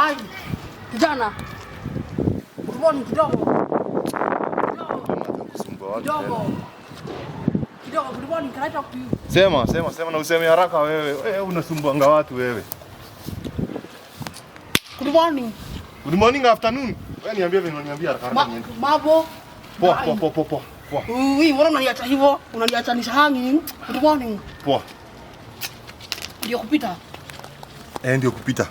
Ai, kijana utumoni kidogo kidogo kidogo, utumoni kanaita. Sema sema sema, na useme haraka wewe. Wewe unasumbuanga watu wewe. Good morning. Good morning, afternoon. Wewe niambie vile unaniambia haraka haraka. Mambo. Poa poa poa poa poa. Poa. Wewe mbona unaniacha hivyo? Unaniacha ni sahani. Good morning. Poa. Ndio kupita. Eh, ndio kupita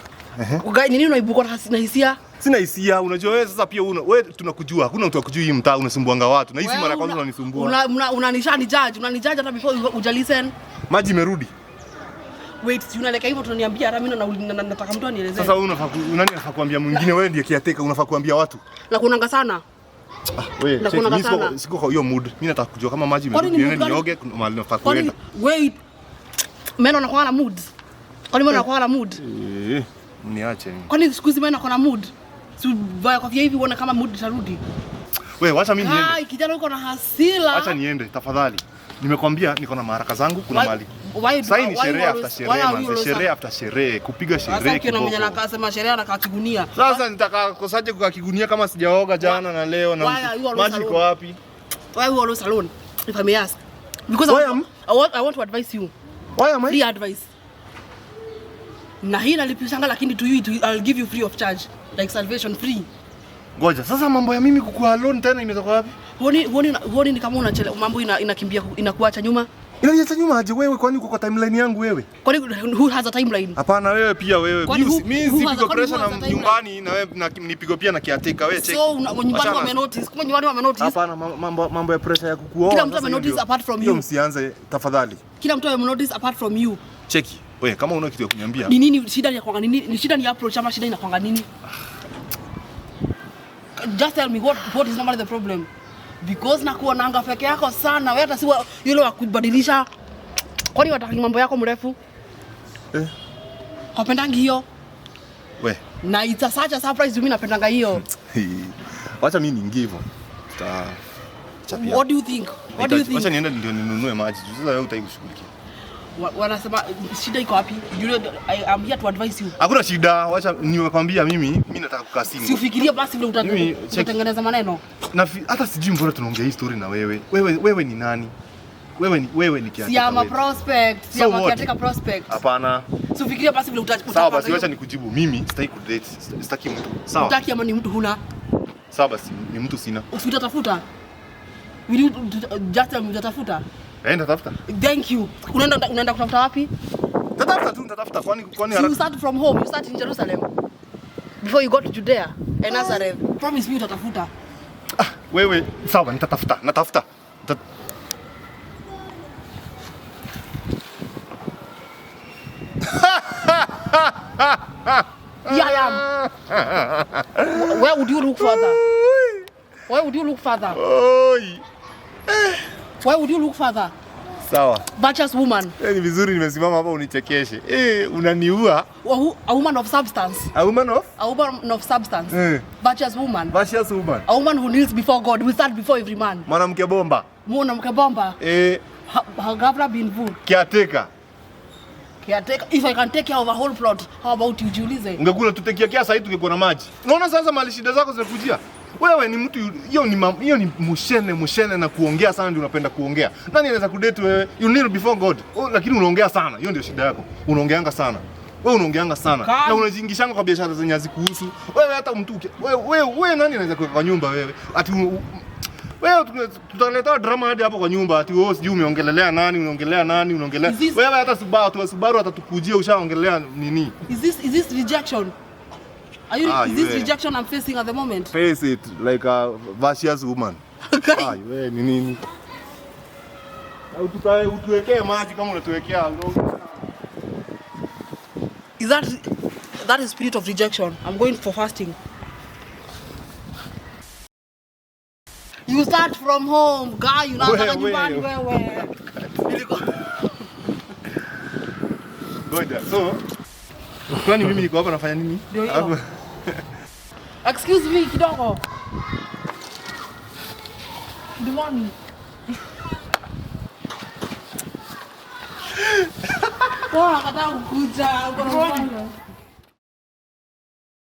nini unaibuka na hisia? Sina hisia, unajua wewe sasa pia una wewe tunakujua. Hakuna mtu akujui hii mtaa unasumbuanga watu. Na hisi mara kwanza unanisumbua. Una una, unanisha ni judge, una unanijudge hata before uja listen. Maji merudi. Wait, si unaleka hivyo tunaniambia hata mimi na na, na, nataka mtu anielezee. Sasa wewe unafaa nani anafaa kuambia mwingine wewe ndiye kiateka unafaa kuambia watu. Na kunanga sana. Ah, wewe siko siko kwa hiyo mood. Mimi nataka kujua kama maji imerudi ni nioge mahali nafaa kwenda. Wait. Meno nakuwa na mood. Kwani meno nakuwa na eh. mood? Eh. Mniache. mimi. Kwani siku hizi maana na mood? Si vaya kwa hivi uone kama mood itarudi. Wewe acha mimi niende. Ah, kijana uko na hasira. Acha niende tafadhali. Nimekwambia niko na maharaka zangu kuna mali. Sasa ni sherehe after sherehe, manze sherehe after sherehe, kupiga sherehe kidogo. Sasa kile anasema sherehe na kakigunia. Sasa nitakakosaje kwa kigunia kama sijaoga jana na leo na maji iko wapi? Why you always alone? If I may ask. Because I want to advise you. Why am I? Free advice na hii nalipizanga, lakini to you it, I'll give you free of charge like salvation free. Ngoja sasa, mambo ya mimi kukua alone tena imetoka wapi? Huoni huoni huoni, ni kama unachelewa, mambo ina, inakimbia inakuacha nyuma. Inaniacha nyuma aje wewe? Kwani uko kwa timeline yangu wewe? Kwani who has a timeline? Hapana wewe pia wewe. Mimi si pigo pressure na nyumbani na wewe nipigo pia na kiateka wewe check. So nyumbani wa notice. Kumbe nyumbani wa notice. Hapana mambo mambo ya pressure ya kukuoa. Kila mtu ame notice apart from you. Msianze tafadhali. Kila mtu ame notice apart from you. Cheki. Wewe kama una kitu ya kuniambia. Ni nini shida ni kwanga nini? Ni shida ni approach ama shida inakwanga nini? Just tell me what what is normally the problem? Because na na anga peke yako sana. Wewe hata si yule wa kubadilisha. Kwani wataki mambo yako mrefu? Eh. Hapendangi hiyo. Wewe. Na it's a such a surprise mimi napendanga hiyo. Wacha mimi niingie hivyo. What do you think? What do you think? Wacha niende ndio ninunue maji. Sasa wewe utaishughulikia wanasema shida iko wapi? I'm here to advise you. Hakuna shida, wacha nimekwambia mimi, mimi nataka kukaa simu. Si ufikirie basi vile utatengeneza maneno. Na hata sijui mbona tunaongea hii story na wewe. Wewe wewe ni nani? Wewe ni wewe ni kiasi. Si ama prospect, si ama kiateka prospect. Hapana. Si ufikirie basi vile utakuwa. Sawa basi wacha nikujibu mimi, sitaki ku date, sitaki mtu. Sawa. Sitaki ama ni mtu huna? Sawa basi, ni mtu sina. Usitatafuta. Wewe utatafuta. Enda tafuta. Thank you. Unaenda unaenda kutafuta wapi? Tatafuta tu, tatafuta kwani kwani haraka. You start from home, you start in Jerusalem. Before you go to Judea and Nazareth. Ah. Promise me utatafuta. Ah, wewe sawa, nitatafuta. Natafuta. Tat... yeah, yeah. Where would you look further? Where would you look further? Oh. Why would you look further? Sawa. Virtuous woman. Eh, ni vizuri nimesimama hapa unichekeshe. Eh, unaniua. A woman of substance. A woman of? A woman of substance. Eh. Virtuous woman. Virtuous woman. A woman who kneels before God, who stands before every man. Mwanamke bomba. Mwanamke bomba. Eh. Hagabra bin vu. Kiateka. Kiateka. If I can take care of a whole plot, how about you, jiulize? Ungekula tutekia kia sasa hivi tungekuwa na maji. Unaona sasa mali shida zako zinakujia. Wewe ni mtu hiyo ni hiyo ni mushene mushene na kuongea sana ndio unapenda kuongea. Nani anaweza kudate wewe? You kneel before God. Oh, lakini unaongea sana. Hiyo ndio shida yako. Unaongeanga sana. Wewe unaongeanga sana. Kani. Na unajiingishanga kwa biashara zenye hazikuhusu. Wewe hata mtu wewe wewe, we, nani anaweza kuweka kwa nyumba wewe? Ati wewe tutaleta drama hadi hapo kwa nyumba ati wewe sijui umeongelelea nani, unaongelea nani, unaongelea. This... Wewe hata Subaru, tu Subaru atatukujia ushaongelea nini? Is this is this rejection? Are you, ah, is this rejection I'm facing at the moment? Face it like a vicious woman. Okay. Ah, yeah, ni nini? Ututae utuwekee maji kama unatuwekea. Is that that is spirit of rejection. I'm going for fasting. You start from home, guy, you unaanza nyumbani wewe. Ngoja. So, kwani mimi niko hapa nafanya nini? Ndio hiyo. Excuse me, kidogo. Dumami. Wah, kata aku jauh.